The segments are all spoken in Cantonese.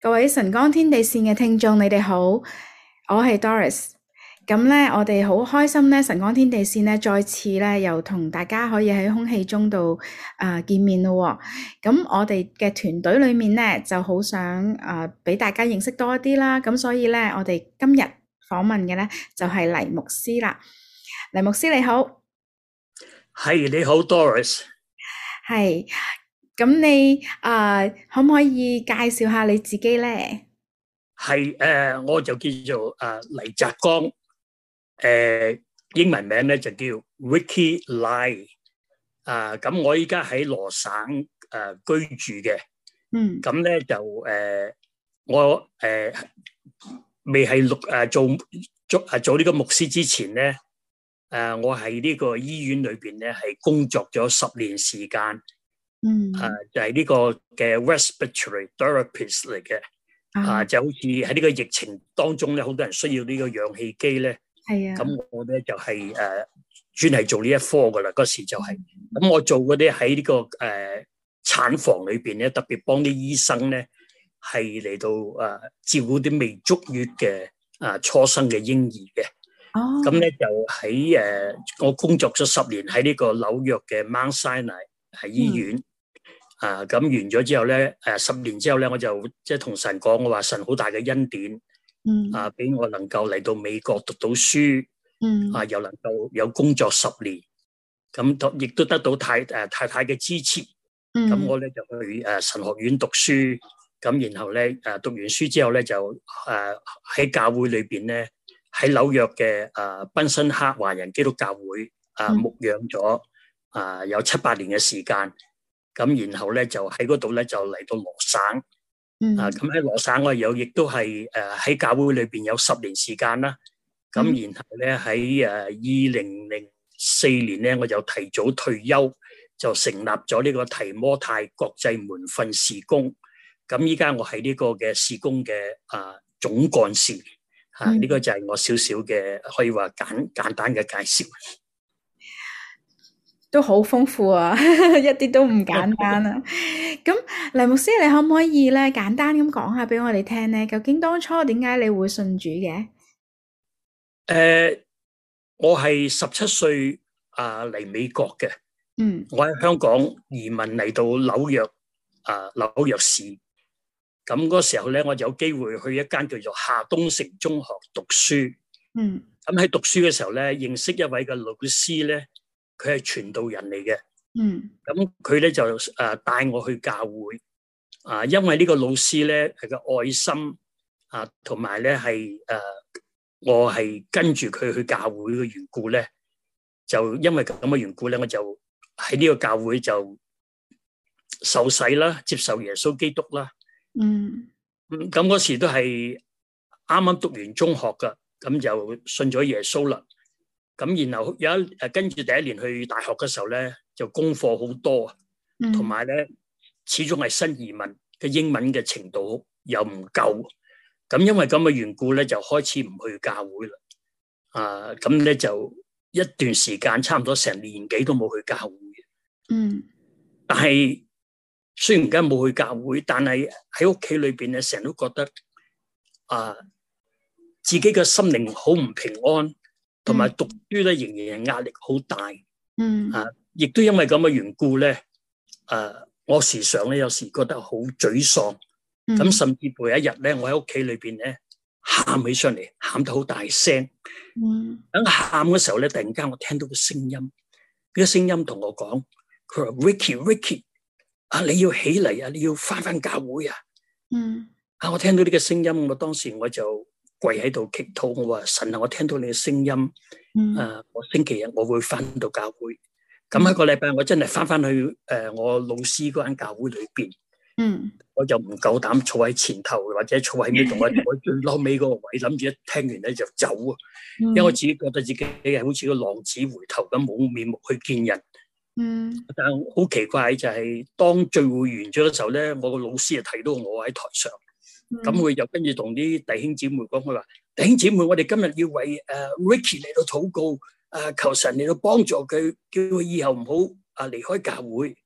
各位神光天地線嘅聽眾，你哋好，我係 Doris。咁咧，我哋好開心咧，神光天地線咧，再次咧又同大家可以喺空氣中度誒見面咯。咁我哋嘅團隊裏面咧就好想誒俾大家認識多啲啦。咁所以咧，我哋今日訪問嘅咧就係黎牧師啦。黎牧師你好，係你好，Doris。係。咁你啊，可唔可以介紹下你自己咧？係誒，我就叫做誒黎澤光，誒英文名咧就叫 Ricky Lie。啊，咁我依家喺羅省誒居住嘅。嗯。咁咧就誒，我誒未係六誒做做誒做呢個牧師之前咧，誒我喺呢個醫院裏邊咧係工作咗十年時間。嗯，啊，就係呢個嘅 respiratory therapist 嚟嘅，啊，就好似喺呢個疫情當中咧，好多人需要呢個氧氣機咧，係啊，咁我咧就係誒專係做呢一科噶啦，嗰時就係，咁我做嗰啲喺呢個誒產房裏邊咧，特別幫啲醫生咧係嚟到誒照顧啲未足月嘅啊初生嘅嬰兒嘅，哦，咁咧就喺誒我工作咗十年喺呢個紐約嘅 Mount Sinai，喺醫院。啊，咁完咗之後咧，誒、啊、十年之後咧，我就即係同神講，我話神好大嘅恩典，嗯，啊，俾我能夠嚟到美國讀到書，嗯，啊，又能夠有工作十年，咁、啊、亦都得到太誒、啊、太太嘅支持，咁、啊嗯啊、我咧就去誒神學院讀書，咁、啊、然後咧誒、啊、讀完書之後咧就誒喺、啊、教會裏邊咧喺紐約嘅誒、啊、賓辛黑華人基督教會啊牧養咗啊有七八年嘅時間。咁然後咧就喺嗰度咧就嚟到羅省，嗯、啊咁喺羅省我有亦都係誒喺教會裏邊有十年時間啦。咁、嗯、然後咧喺誒二零零四年咧我就提早退休，就成立咗呢個提摩泰國際門訓事工。咁依家我喺呢個嘅事工嘅啊總幹事，啊呢、嗯、個就係我少少嘅可以話簡簡單嘅介紹。都好豐富啊， 一啲都唔簡單啊！咁，黎牧師，你可唔可以咧簡單咁講下俾我哋聽咧？究竟當初點解你會信主嘅？誒、呃，我係十七歲啊，嚟、呃、美國嘅，嗯，我喺香港移民嚟到紐約啊、呃，紐約市。咁嗰時候咧，我有機會去一間叫做夏東城中學讀書，嗯，咁喺讀書嘅時候咧，認識一位嘅老師咧。佢係傳道人嚟嘅，嗯，咁佢咧就誒帶我去教會，啊，因為呢個老師咧係佢嘅愛心啊，同埋咧係誒我係跟住佢去教會嘅緣故咧，就因為咁嘅緣故咧，我就喺呢個教會就受洗啦，接受耶穌基督啦，嗯，咁嗰時都係啱啱讀完中學噶，咁就信咗耶穌啦。咁然後有一誒，跟住，第一年去大學嘅時候咧，就功課好多，同埋咧始終係新移民嘅英文嘅程度又唔夠，咁因為咁嘅緣故咧，就開始唔去教會啦。啊，咁咧就一段時間差唔多成年幾都冇去教會。嗯，但係雖然而家冇去教會，但係喺屋企裏邊咧，成日都覺得啊，自己嘅心靈好唔平安。同埋讀書咧，仍然係壓力好大。嗯，啊，亦都因為咁嘅緣故咧，誒、呃，我時常咧有時覺得好沮喪。咁、嗯、甚至每一日咧，我喺屋企裏邊咧，喊起上嚟，喊得好大聲。嗯，等喊嘅時候咧，突然間我聽到個聲音，呢個聲音同我講，佢話：Ricky，Ricky，啊，你要起嚟啊，你要返返教會啊。嗯，啊，我聽到呢個聲音，我當時我就，跪喺度祈禱，我話神啊！我聽到你嘅聲音，嗯、啊！我星期日我會翻到教會，咁一個禮拜我真係翻翻去誒，我老師嗰間教會裏邊，嗯、我就唔夠膽坐喺前頭或者坐喺呢度，我我 最，最後尾嗰個位諗住一聽完咧就走啊，因為我自己覺得自己係好似個浪子回頭咁，冇面目去見人。嗯，但係好奇怪就係、是、當聚會完咗嘅時候咧，我個老師就睇到我喺台上。咁佢就跟住同啲弟兄姊妹講佢話，弟兄姊妹，我哋今日要為誒 Ricky 嚟到禱告，誒求神嚟到幫助佢，叫佢以後唔好啊離開教會。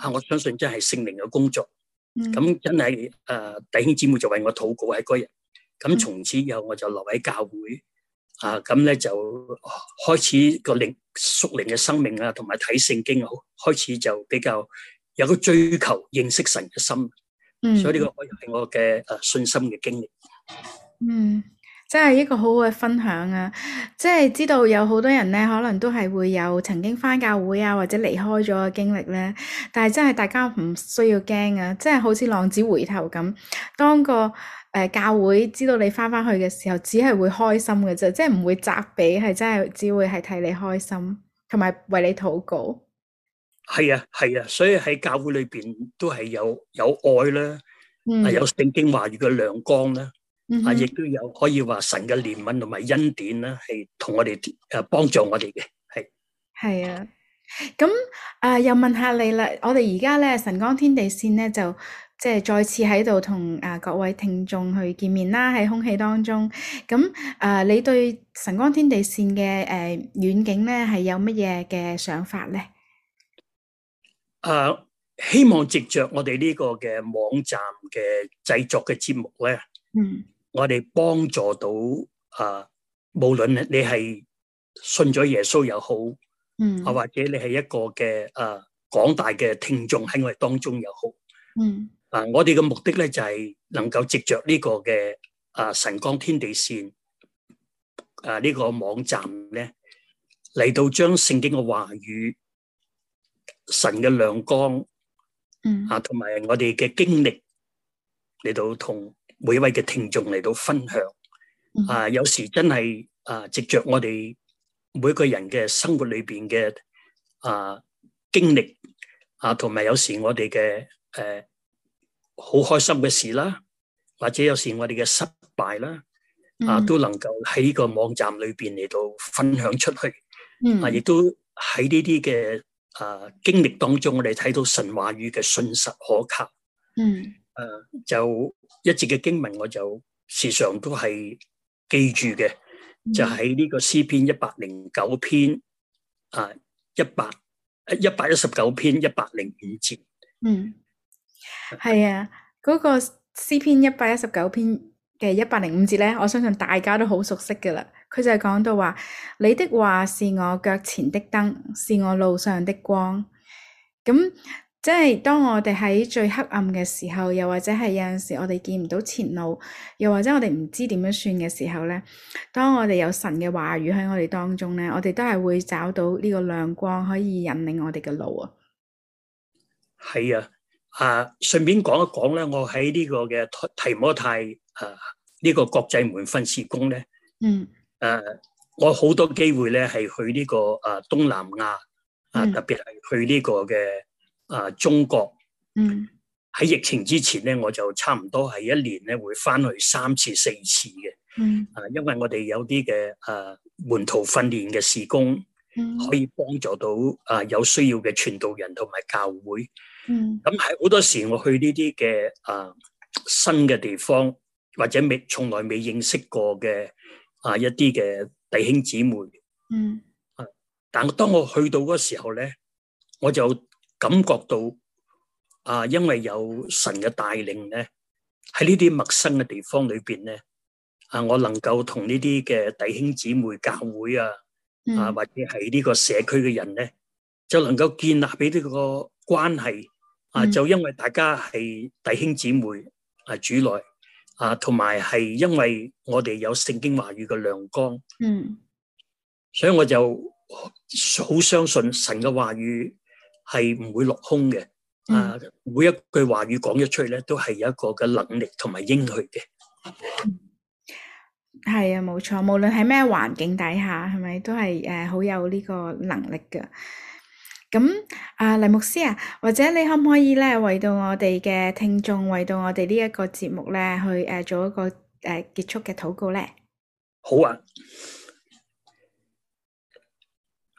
啊，我相信真係聖靈嘅工作。咁真係誒弟兄姊妹就為我禱告喺嗰日，咁從此以後我就留喺教會。啊，咁咧就開始個靈屬靈嘅生命啊，同埋睇聖經啊，開始就比較有個追求認識神嘅心。嗯，所以呢個可以係我嘅誒信心嘅經歷。嗯，真係一個好好嘅分享啊！即係知道有好多人咧，可能都係會有曾經返教會啊，或者離開咗嘅經歷咧。但係真係大家唔需要驚啊，即係好似浪子回頭咁。當個誒、呃、教會知道你返返去嘅時候，只係會開心嘅啫，即係唔會責備，係真係只會係替你開心，同埋為你禱告。係啊，係啊，所以喺教會裏邊都係有有愛啦，啊有聖經話語嘅亮光啦，啊亦都有可以話神嘅憐憫同埋恩典啦，係同我哋誒幫助我哋嘅係係啊。咁誒，又問下你啦。我哋而家咧神光天地線咧，就即係再次喺度同誒各位聽眾去見面啦。喺空氣當中咁誒，你對神光天地線嘅誒遠景咧係有乜嘢嘅想法咧？誒，希望藉着我哋呢個嘅網站嘅製作嘅節目咧，嗯，我哋幫助到誒，無論你係信咗耶穌又好，嗯，啊，或者你係一個嘅誒廣大嘅聽眾喺我哋當中又好，嗯，啊，我哋嘅目的咧就係能夠藉着呢個嘅誒神光天地線，啊呢個網站咧嚟到將聖經嘅話語。神嘅亮光，嗯啊，同埋我哋嘅經歷嚟到同每一位嘅聽眾嚟到分享，啊，有時真係啊，藉着我哋每個人嘅生活裏邊嘅啊經歷啊，同埋，啊，有時我哋嘅誒好開心嘅事啦，或者有時我哋嘅失敗啦，啊都能夠喺呢個網站裏邊嚟到分享出去，啊，亦都喺呢啲嘅。啊！經歷當中，我哋睇到神話語嘅信實可靠。嗯。誒、啊，就一節嘅經文，我就時常都係記住嘅。嗯、就喺呢個詩篇一百零九篇啊，一百一百一十九篇一百零五節。嗯，係啊，嗰 個詩篇一百一十九篇嘅一百零五節咧，我相信大家都好熟悉噶啦。佢就係講到話，你的話是我腳前的燈，是我路上的光。咁即係當我哋喺最黑暗嘅時候，又或者係有陣時我哋見唔到前路，又或者我哋唔知點樣算嘅時候咧，當我哋有神嘅話語喺我哋當中咧，我哋都係會找到呢個亮光，可以引領我哋嘅路啊。係啊，啊，順便講一講咧，我喺呢個嘅提摩太啊呢，呢個國際門訓事工咧，嗯。誒，uh, 我好多機會咧，係去呢、這個誒、啊、東南亞、嗯、啊，特別係去呢個嘅誒中國。嗯，喺疫情之前咧，我就差唔多係一年咧會翻去三次四次嘅。嗯，啊，因為我哋有啲嘅誒門徒訓練嘅事工，嗯、可以幫助到啊有需要嘅傳道人同埋教會。嗯，咁喺好多時我去呢啲嘅誒新嘅地方，或者未從來未認識過嘅。啊！一啲嘅弟兄姊妹，嗯、啊，但當我去到嗰時候咧，我就感覺到啊，因為有神嘅帶領咧，喺呢啲陌生嘅地方裏邊咧，啊，我能夠同呢啲嘅弟兄姊妹教會啊，嗯、啊，或者係呢個社區嘅人咧，就能夠建立俾呢個關係啊，嗯、就因為大家係弟兄姊妹啊，主內。啊，同埋係因為我哋有聖經話語嘅亮光，嗯，所以我就好相信神嘅話語係唔會落空嘅。嗯、啊，每一句話語講一出咧，都係有一個嘅能力同埋應許嘅。係、嗯、啊，冇錯，無論喺咩環境底下，係咪都係誒好有呢個能力嘅。咁啊，黎牧師啊，或者你可唔可以咧，為到我哋嘅聽眾，為到我哋呢一個節目咧，去誒做一個誒結束嘅禱告咧？好啊，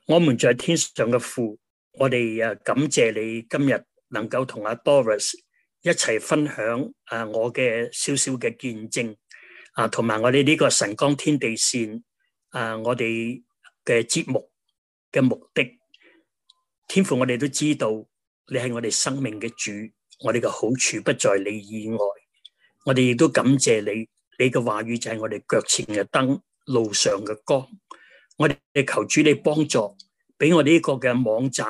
我們在天上嘅父，我哋誒感謝你今日能夠同阿 Doris 一齊分享誒我嘅少少嘅見證啊，同埋我哋呢個神光天地線啊，我哋嘅節目嘅目的。天父，我哋都知道你係我哋生命嘅主，我哋嘅好處不在你以外，我哋亦都感謝你。你嘅話語就係我哋腳前嘅燈，路上嘅光。我哋求主你幫助，俾我哋呢個嘅網站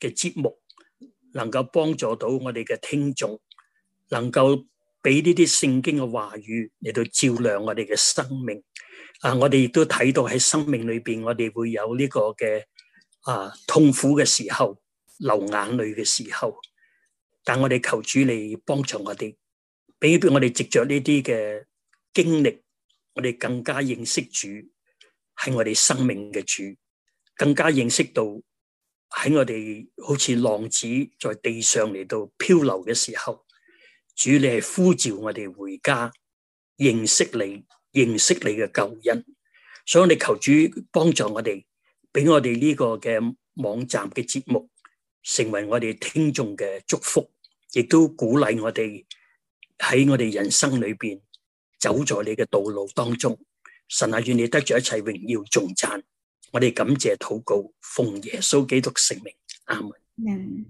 嘅節目，能夠幫助到我哋嘅聽眾，能夠俾呢啲聖經嘅話語嚟到照亮我哋嘅生命。啊，我哋亦都睇到喺生命裏邊，我哋會有呢個嘅。啊！痛苦嘅時候，流眼淚嘅時候，但我哋求主你幫助我哋，比俾我哋藉着呢啲嘅經歷，我哋更加認識主，係我哋生命嘅主，更加認識到喺我哋好似浪子在地上嚟到漂流嘅時候，主你係呼召我哋回家，認識你，認識你嘅救恩，所以我哋求主幫助我哋。俾我哋呢個嘅網站嘅節目，成為我哋聽眾嘅祝福，亦都鼓勵我哋喺我哋人生裏邊走在你嘅道路當中。神啊，願你得著一切榮耀、頌讚。我哋感謝禱告，奉耶穌基督聖名，阿門。嗯。